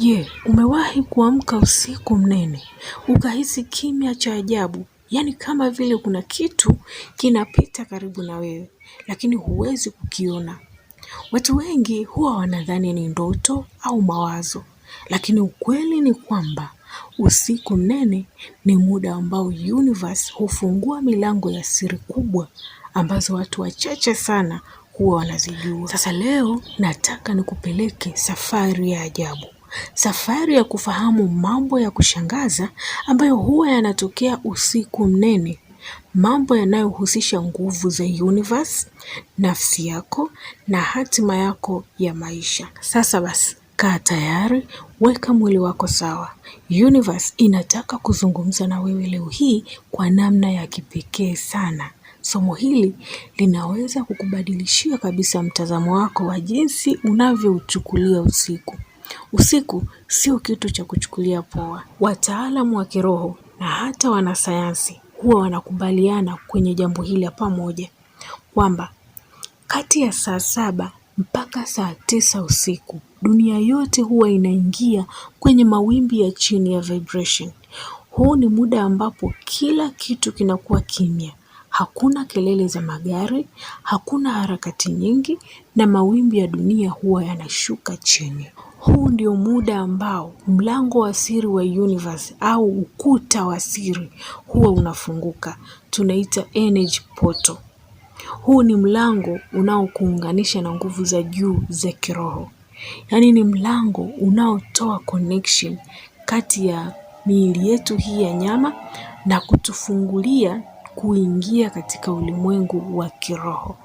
Je, umewahi kuamka usiku mnene ukahisi kimya cha ajabu, yaani kama vile kuna kitu kinapita karibu na wewe lakini huwezi kukiona? Watu wengi huwa wanadhani ni ndoto au mawazo, lakini ukweli ni kwamba usiku mnene ni muda ambao universe hufungua milango ya siri kubwa ambazo watu wachache sana huwa wanazijua. Sasa leo nataka nikupeleke safari ya ajabu. Safari ya kufahamu mambo ya kushangaza ambayo huwa yanatokea usiku mnene, mambo yanayohusisha nguvu za universe, nafsi yako na hatima yako ya maisha. Sasa basi, kaa tayari, weka mwili wako sawa. Universe inataka kuzungumza na wewe leo hii kwa namna ya kipekee sana. Somo hili linaweza kukubadilishia kabisa mtazamo wako wa jinsi unavyouchukulia usiku. Usiku sio kitu cha kuchukulia poa. Wataalamu wa kiroho na hata wanasayansi huwa wanakubaliana kwenye jambo hili ya pamoja kwamba kati ya saa saba mpaka saa tisa usiku dunia yote huwa inaingia kwenye mawimbi ya chini ya vibration. Huu ni muda ambapo kila kitu kinakuwa kimya, hakuna kelele za magari, hakuna harakati nyingi, na mawimbi ya dunia huwa yanashuka chini. Huu ndio muda ambao mlango wa siri wa universe au ukuta wa siri huwa unafunguka, tunaita energy portal. Huu ni mlango unaokuunganisha na nguvu za juu za kiroho, yaani ni mlango unaotoa connection kati ya miili yetu hii ya nyama na kutufungulia kuingia katika ulimwengu wa kiroho.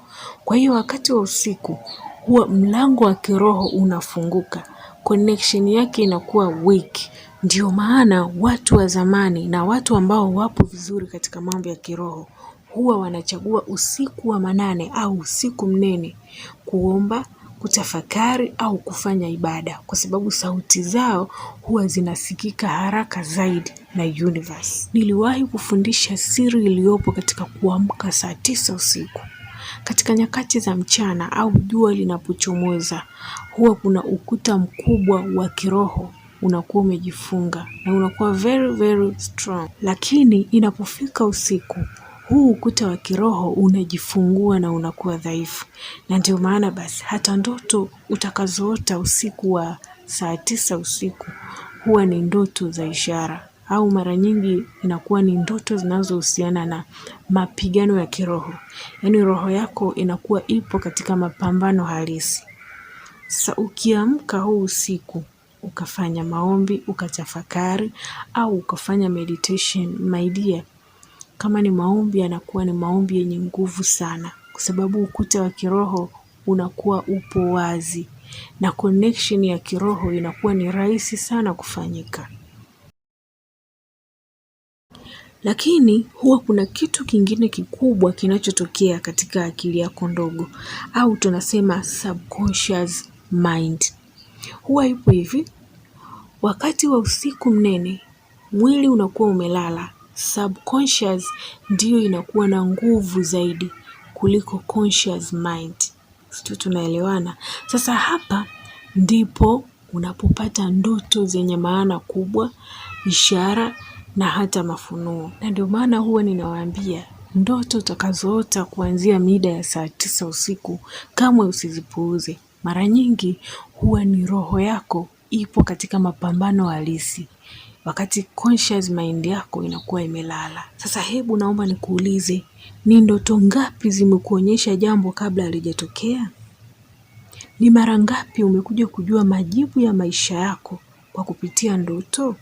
Kwa hiyo wakati wa usiku huwa mlango wa kiroho unafunguka connection yake inakuwa weak. Ndio maana watu wa zamani na watu ambao wapo vizuri katika mambo ya kiroho huwa wanachagua usiku wa manane au usiku mnene kuomba, kutafakari au kufanya ibada, kwa sababu sauti zao huwa zinasikika haraka zaidi na universe. Niliwahi kufundisha siri iliyopo katika kuamka saa tisa usiku. Katika nyakati za mchana au jua linapochomoza, huwa kuna ukuta mkubwa wa kiroho unakuwa umejifunga na unakuwa very very strong. Lakini inapofika usiku, huu ukuta wa kiroho unajifungua na unakuwa dhaifu, na ndio maana basi hata ndoto utakazoota usiku wa saa tisa usiku huwa ni ndoto za ishara au mara nyingi inakuwa ni ndoto zinazohusiana na mapigano ya kiroho. Yaani roho yako inakuwa ipo katika mapambano halisi. Sasa ukiamka huu usiku, ukafanya maombi, ukatafakari, au ukafanya meditation, my dear. Kama ni maombi yanakuwa ni maombi yenye nguvu sana. Kwa sababu ukuta wa kiroho unakuwa upo wazi na connection ya kiroho inakuwa ni rahisi sana kufanyika. Lakini huwa kuna kitu kingine kikubwa kinachotokea katika akili yako ndogo au tunasema subconscious mind. Huwa ipo hivi, wakati wa usiku mnene mwili unakuwa umelala, subconscious ndiyo inakuwa na nguvu zaidi kuliko conscious mind. Sio, tunaelewana? Sasa hapa ndipo unapopata ndoto zenye maana kubwa, ishara na hata mafunuo, na ndio maana huwa ninawaambia ndoto utakazoota kuanzia mida ya saa tisa usiku kamwe usizipuuze. Mara nyingi huwa ni roho yako ipo katika mapambano halisi, wakati conscious mind yako inakuwa imelala. Sasa hebu naomba nikuulize, ni ndoto ngapi zimekuonyesha jambo kabla halijatokea? Ni mara ngapi umekuja kujua majibu ya maisha yako kwa kupitia ndoto?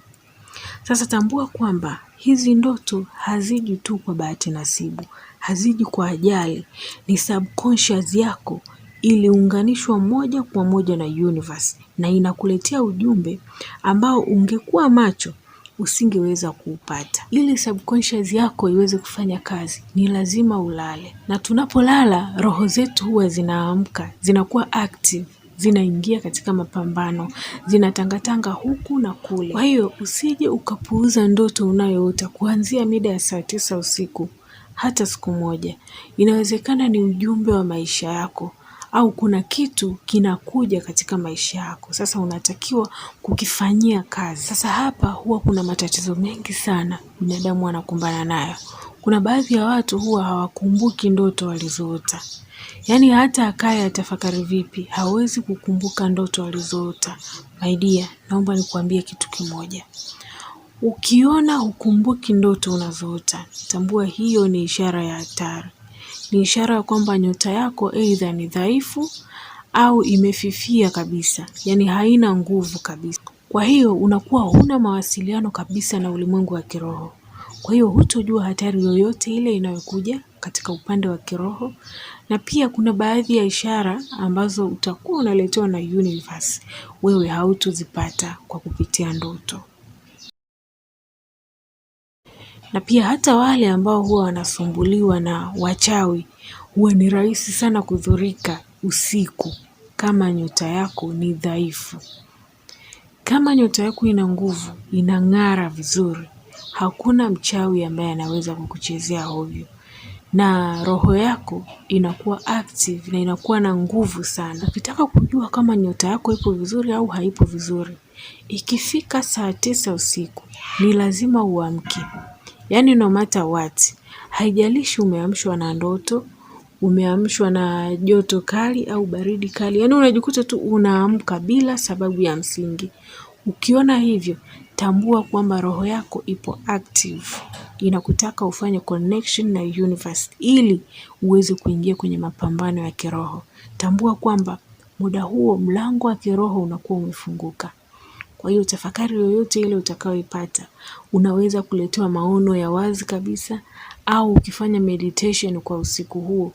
Sasa tambua kwamba hizi ndoto haziji tu kwa bahati nasibu, haziji kwa ajali, ni subconscious yako iliunganishwa moja kwa moja na universe na inakuletea ujumbe ambao ungekuwa macho usingeweza kuupata. Ili subconscious yako iweze kufanya kazi, ni lazima ulale, na tunapolala roho zetu huwa zinaamka, zinakuwa active zinaingia katika mapambano, zinatangatanga huku na kule. Kwa hiyo usije ukapuuza ndoto unayoota kuanzia mida ya saa tisa usiku hata siku moja. Inawezekana ni ujumbe wa maisha yako au kuna kitu kinakuja katika maisha yako, sasa unatakiwa kukifanyia kazi. Sasa hapa huwa kuna matatizo mengi sana binadamu anakumbana nayo. Kuna baadhi ya watu huwa hawakumbuki ndoto walizoota, Yaani hata akaye atafakari vipi, hawezi kukumbuka ndoto alizoota. My dear, naomba nikuambie kitu kimoja. Ukiona hukumbuki ndoto unazoota, tambua hiyo ni ishara ya hatari. Ni ishara ya kwamba nyota yako aidha ni dhaifu au imefifia kabisa, yaani haina nguvu kabisa. Kwa hiyo unakuwa huna mawasiliano kabisa na ulimwengu wa kiroho. Kwa hiyo hutojua hatari yoyote ile inayokuja katika upande wa kiroho na pia kuna baadhi ya ishara ambazo utakuwa unaletewa na universe, wewe hautozipata kwa kupitia ndoto. Na pia hata wale ambao huwa wanasumbuliwa na wachawi huwa ni rahisi sana kudhurika usiku kama nyota yako ni dhaifu. Kama nyota yako ina nguvu, inang'ara vizuri, hakuna mchawi ambaye anaweza kukuchezea ovyo na roho yako inakuwa active na inakuwa na nguvu sana. Ukitaka kujua kama nyota yako ipo vizuri au haipo vizuri, ikifika saa tisa usiku ni lazima uamke. Yaani no matter what, haijalishi umeamshwa na ndoto, umeamshwa na joto kali au baridi kali, yaani unajikuta tu unaamka bila sababu ya msingi. Ukiona hivyo tambua kwamba roho yako ipo active, inakutaka ufanye connection na universe ili uweze kuingia kwenye mapambano ya kiroho. Tambua kwamba muda huo mlango wa kiroho unakuwa umefunguka. Kwa hiyo tafakari yoyote ile utakayoipata, unaweza kuletewa maono ya wazi kabisa, au ukifanya meditation kwa usiku huo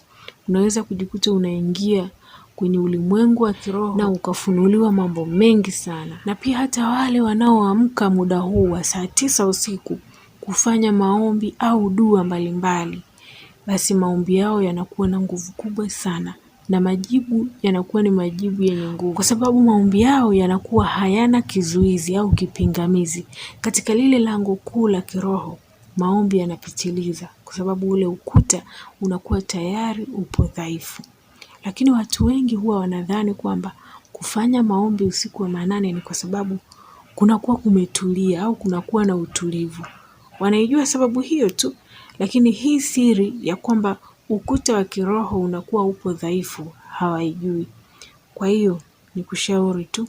unaweza kujikuta unaingia kwenye ulimwengu wa kiroho na ukafunuliwa mambo mengi sana, na pia hata wale wanaoamka muda huu wa saa tisa usiku kufanya maombi au dua mbalimbali, basi maombi yao yanakuwa na nguvu kubwa sana na majibu yanakuwa ni majibu yenye nguvu, kwa sababu maombi yao yanakuwa hayana kizuizi au kipingamizi katika lile lango kuu la kiroho. Maombi yanapitiliza, kwa sababu ule ukuta unakuwa tayari upo dhaifu. Lakini watu wengi huwa wanadhani kwamba kufanya maombi usiku wa manane ni kwa sababu kunakuwa kumetulia au kunakuwa na utulivu. Wanaijua sababu hiyo tu, lakini hii siri ya kwamba ukuta wa kiroho unakuwa upo dhaifu hawaijui. Kwa hiyo ni kushauri tu,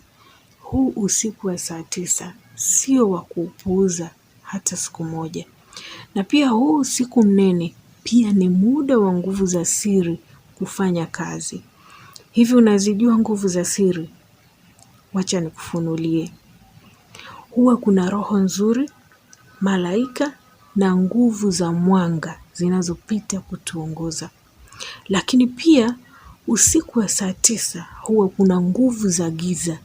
huu usiku wa saa tisa sio wa kuupuuza hata siku moja. Na pia huu usiku mnene pia ni muda wa nguvu za siri kufanya kazi. Hivi unazijua nguvu za siri? Wacha nikufunulie. Huwa kuna roho nzuri, malaika na nguvu za mwanga zinazopita kutuongoza. Lakini pia usiku wa saa tisa huwa kuna nguvu za giza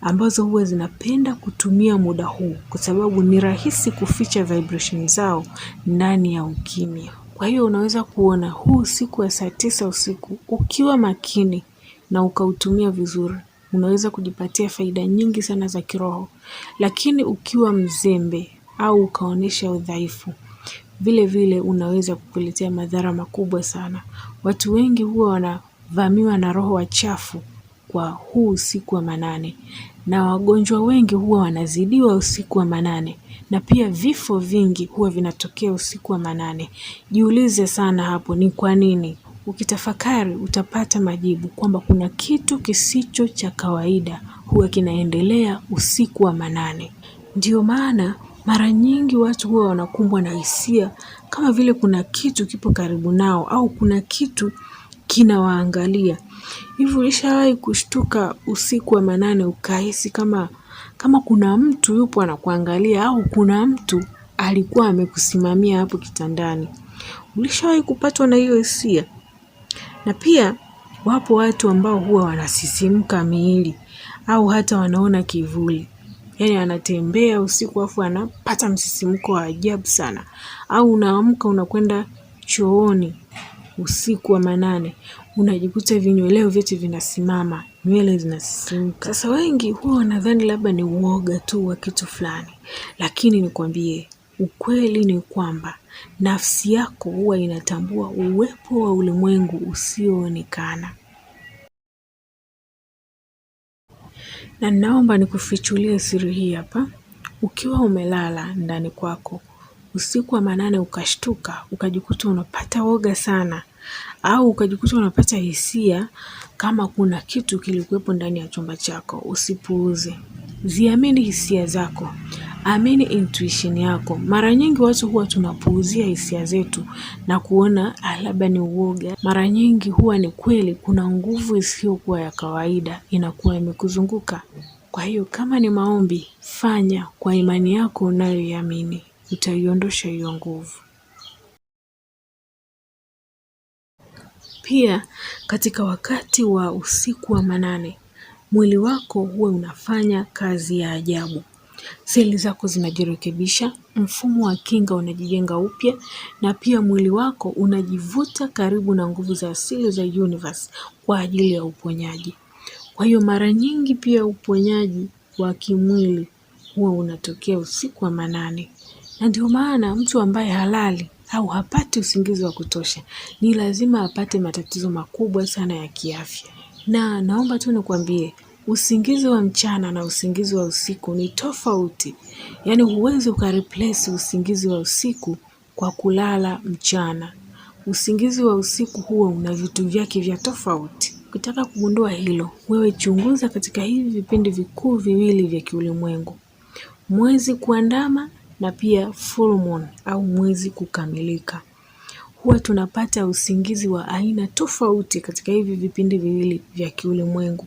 ambazo huwa zinapenda kutumia muda huu kwa sababu ni rahisi kuficha vibration zao ndani ya ukimya. Kwa hiyo unaweza kuona huu siku wa saa tisa usiku ukiwa makini na ukautumia vizuri, unaweza kujipatia faida nyingi sana za kiroho. Lakini ukiwa mzembe au ukaonyesha udhaifu, vile vile unaweza kukuletea madhara makubwa sana. Watu wengi huwa wanavamiwa na roho wachafu kwa huu usiku wa manane na wagonjwa wengi huwa wanazidiwa usiku wa manane na pia vifo vingi huwa vinatokea usiku wa manane. Jiulize sana hapo ni kwa nini? Ukitafakari utapata majibu kwamba kuna kitu kisicho cha kawaida huwa kinaendelea usiku wa manane. ndio maana mara nyingi watu huwa wanakumbwa na hisia kama vile kuna kitu kipo karibu nao au kuna kitu kinawaangalia. Hivi ulishawahi kushtuka usiku wa manane ukahisi kama kama kuna mtu yupo anakuangalia au kuna mtu alikuwa amekusimamia hapo kitandani. Ulishawahi kupatwa na hiyo hisia? Na pia wapo watu ambao huwa wanasisimka miili au hata wanaona kivuli. Yaani anatembea usiku afu anapata msisimko wa ajabu sana. Au unaamka unakwenda chooni usiku wa manane, unajikuta vinyweleo vyote vinasimama, nywele zinasimka. Sasa wengi huwa wanadhani labda ni uoga tu wa kitu fulani, lakini nikwambie ukweli ni kwamba nafsi yako huwa inatambua uwepo wa ulimwengu usioonekana. Na naomba nikufichulie siri hii hapa. Ukiwa umelala ndani kwako usiku wa manane ukashtuka ukajikuta unapata woga sana, au ukajikuta unapata hisia kama kuna kitu kilikuwepo ndani ya chumba chako. Usipuuze, ziamini hisia zako, amini intuition yako. Mara nyingi watu huwa tunapuuzia hisia zetu na kuona ah, labda ni uoga. Mara nyingi huwa ni kweli, kuna nguvu isiyokuwa ya kawaida inakuwa imekuzunguka. Kwa hiyo kama ni maombi, fanya kwa imani yako unayoiamini itaiondosha hiyo nguvu. Pia katika wakati wa usiku wa manane, mwili wako huwa unafanya kazi ya ajabu. Seli zako zinajirekebisha, mfumo wa kinga unajijenga upya, na pia mwili wako unajivuta karibu na nguvu za asili za universe kwa ajili ya uponyaji. Kwa hiyo mara nyingi pia uponyaji wa kimwili huwa unatokea usiku wa manane. Na ndio maana mtu ambaye halali au hapati usingizi wa kutosha ni lazima apate matatizo makubwa sana ya kiafya. Na naomba tu nikwambie, usingizi wa mchana na usingizi wa usiku ni tofauti. Yaani huwezi ukareplace usingizi wa usiku kwa kulala mchana. Usingizi wa usiku huwa una vitu vyake vya tofauti. Ukitaka kugundua hilo, wewe chunguza katika hivi vipindi vikuu viwili vya kiulimwengu. Mwezi kuandama na pia full moon au mwezi kukamilika, huwa tunapata usingizi wa aina tofauti katika hivi vipindi viwili vya kiulimwengu.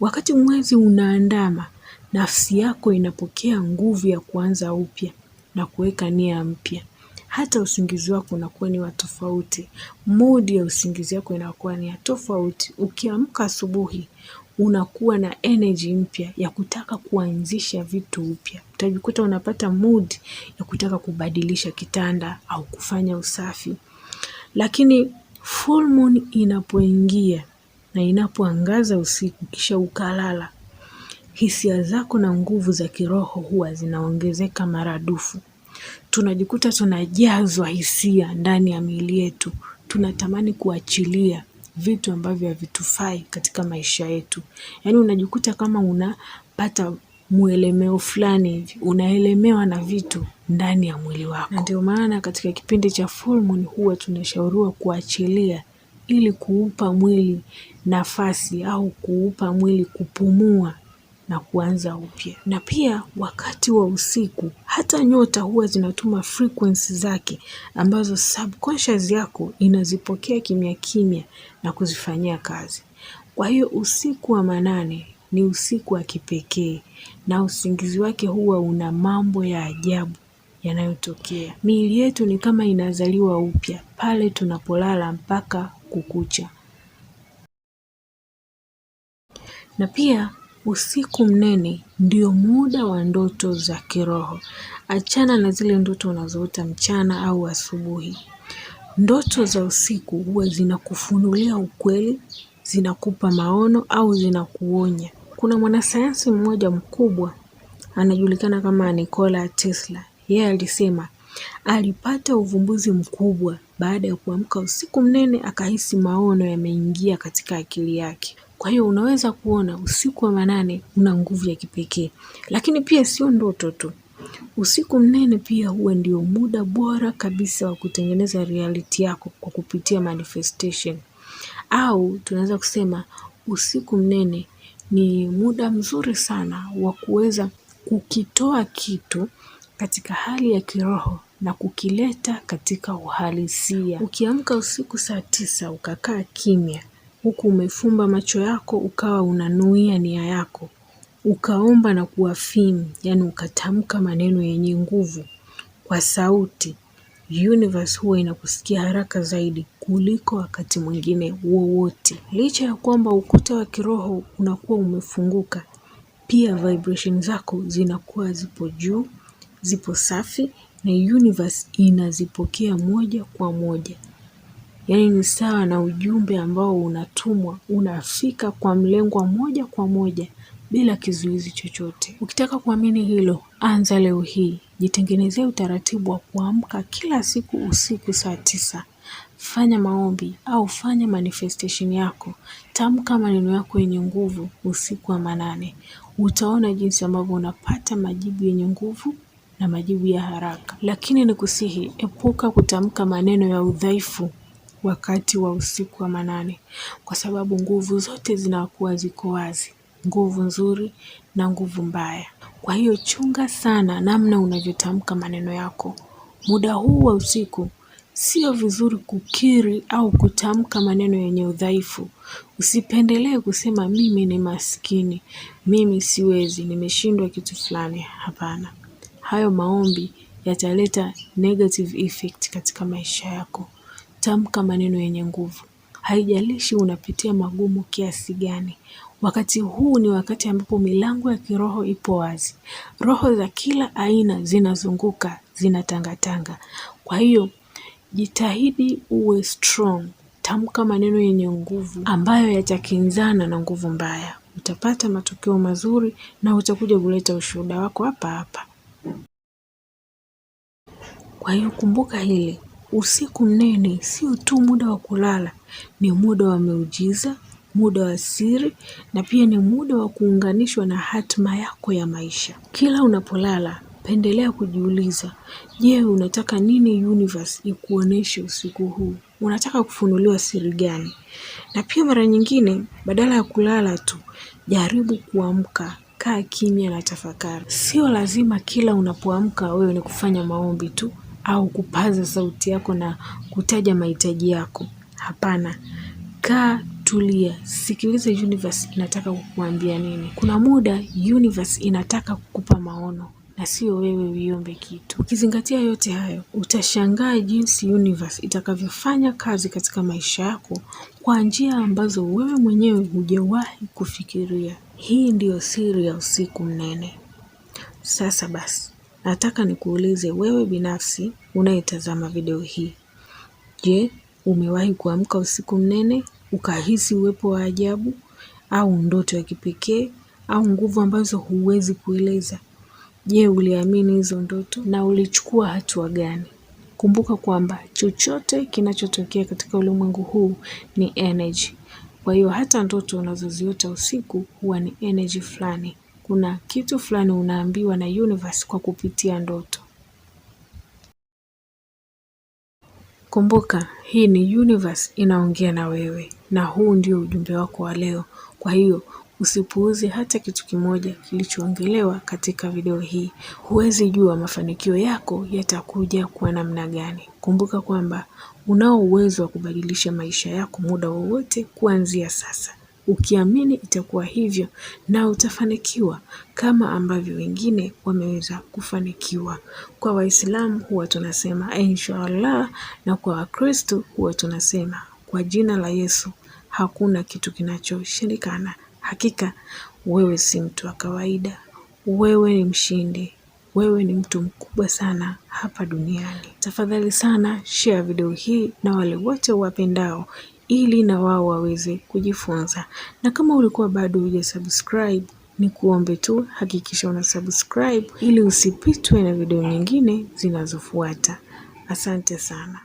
Wakati mwezi unaandama, nafsi yako inapokea nguvu ya kuanza upya na kuweka nia mpya. Hata usingizi wako unakuwa ni wa tofauti, mood ya usingizi wako inakuwa ni ya tofauti. Ukiamka asubuhi, unakuwa na energy mpya ya kutaka kuanzisha vitu upya utajikuta unapata mood ya kutaka kubadilisha kitanda au kufanya usafi. Lakini full moon inapoingia na inapoangaza usiku kisha ukalala, hisia zako na nguvu za kiroho huwa zinaongezeka maradufu. Tunajikuta tunajazwa hisia ndani ya miili yetu, tunatamani kuachilia vitu ambavyo havitufai katika maisha yetu. Yaani unajikuta kama unapata muelemeo fulani hivi, unaelemewa na vitu ndani ya mwili wako. Na ndio maana katika kipindi cha full moon huwa tunashauriwa kuachilia ili kuupa mwili nafasi au kuupa mwili kupumua na kuanza upya. Na pia wakati wa usiku, hata nyota huwa zinatuma frequency zake ambazo subconscious yako inazipokea kimya kimya na kuzifanyia kazi. Kwa hiyo usiku wa manane ni usiku wa kipekee na usingizi wake huwa una mambo ya ajabu yanayotokea. Miili yetu ni kama inazaliwa upya pale tunapolala mpaka kukucha. Na pia usiku mnene ndio muda wa ndoto za kiroho. Achana na zile ndoto unazoota mchana au asubuhi. Ndoto za usiku huwa zinakufunulia ukweli, zinakupa maono au zinakuonya. Kuna mwanasayansi mmoja mkubwa anajulikana kama Nikola Tesla. Yeye alisema alipata uvumbuzi mkubwa baada ya kuamka usiku mnene, akahisi maono yameingia katika akili yake. Kwa hiyo unaweza kuona usiku wa manane una nguvu ya kipekee, lakini pia sio ndoto tu. Usiku mnene pia huwa ndio muda bora kabisa wa kutengeneza reality yako kwa kupitia manifestation, au tunaweza kusema usiku mnene ni muda mzuri sana wa kuweza kukitoa kitu katika hali ya kiroho na kukileta katika uhalisia. Ukiamka usiku saa tisa ukakaa kimya, huku umefumba macho yako, ukawa unanuia nia yako, ukaomba na kuafimu, yani ukatamka maneno yenye nguvu kwa sauti, universe huwa inakusikia haraka zaidi kuliko wakati mwingine wowote. Licha ya kwamba ukuta wa kiroho unakuwa umefunguka, pia vibration zako zinakuwa zipo juu, zipo safi na universe inazipokea moja kwa moja. Yaani ni sawa na ujumbe ambao unatumwa unafika kwa mlengwa moja kwa moja bila kizuizi chochote. Ukitaka kuamini hilo, anza leo hii. Jitengenezee utaratibu wa kuamka kila siku usiku saa tisa fanya maombi au fanya manifestation yako. Tamka maneno yako yenye nguvu usiku wa manane. Utaona jinsi ambavyo unapata majibu yenye nguvu na majibu ya haraka. Lakini nikusihi, epuka kutamka maneno ya udhaifu wakati wa usiku wa manane, kwa sababu nguvu zote zinakuwa ziko wazi, nguvu nzuri na nguvu mbaya. Kwa hiyo chunga sana namna unavyotamka maneno yako. Muda huu wa usiku Sio vizuri kukiri au kutamka maneno yenye udhaifu. Usipendelee kusema mimi ni maskini, mimi siwezi, nimeshindwa kitu fulani. Hapana. Hayo maombi yataleta negative effect katika maisha yako. Tamka maneno yenye nguvu. Haijalishi unapitia magumu kiasi gani. Wakati huu ni wakati ambapo milango ya kiroho ipo wazi. Roho za kila aina zinazunguka, zinatangatanga. Kwa hiyo Jitahidi uwe strong, tamka maneno yenye nguvu ambayo yatakinzana na nguvu mbaya. Utapata matokeo mazuri na utakuja kuleta ushuhuda wako hapa hapa. Kwa hiyo kumbuka hili, usiku mnene sio tu muda wa kulala, ni muda wa miujiza, muda wa siri na pia ni muda wa kuunganishwa na hatima yako ya maisha. Kila unapolala Pendelea kujiuliza, je, unataka nini universe ikuoneshe usiku huu? Unataka kufunuliwa siri gani? Na pia mara nyingine badala ya kulala tu, jaribu kuamka, kaa kimya na tafakari. Sio lazima kila unapoamka wewe ni kufanya maombi tu au kupaza sauti yako na kutaja mahitaji yako. Hapana. Kaa tulia, sikiliza universe inataka kukuambia nini. Kuna muda universe inataka kukupa maono na sio wewe uiombe kitu. Ukizingatia yote hayo, utashangaa jinsi universe itakavyofanya kazi katika maisha yako kwa njia ambazo wewe mwenyewe hujawahi kufikiria. Hii ndiyo siri ya usiku mnene. Sasa basi, nataka nikuulize wewe binafsi unayetazama video hii, je, umewahi kuamka usiku mnene ukahisi uwepo wa ajabu au ndoto ya kipekee au nguvu ambazo huwezi kueleza? Je, uliamini hizo ndoto na ulichukua hatua gani? Kumbuka kwamba chochote kinachotokea katika ulimwengu huu ni energy. Kwa hiyo hata ndoto unazoziota usiku huwa ni energy fulani. Kuna kitu fulani unaambiwa na universe kwa kupitia ndoto. Kumbuka, hii ni universe inaongea na wewe, na huu ndio ujumbe wako wa leo. Kwa hiyo Usipuuze hata kitu kimoja kilichoongelewa katika video hii. Huwezi jua mafanikio yako yatakuja kwa namna gani. Kumbuka kwamba unao uwezo wa kubadilisha maisha yako muda wowote kuanzia sasa. Ukiamini itakuwa hivyo na utafanikiwa kama ambavyo wengine wameweza kufanikiwa. Kwa Waislamu huwa tunasema inshallah, na kwa Wakristo huwa tunasema kwa jina la Yesu hakuna kitu kinachoshindikana. Hakika wewe si mtu wa kawaida, wewe ni mshindi, wewe ni mtu mkubwa sana hapa duniani. Tafadhali sana share video hii na wale wote wapendao ili na wao waweze kujifunza, na kama ulikuwa bado huja subscribe ni kuombe tu hakikisha una subscribe ili usipitwe na video nyingine zinazofuata. Asante sana.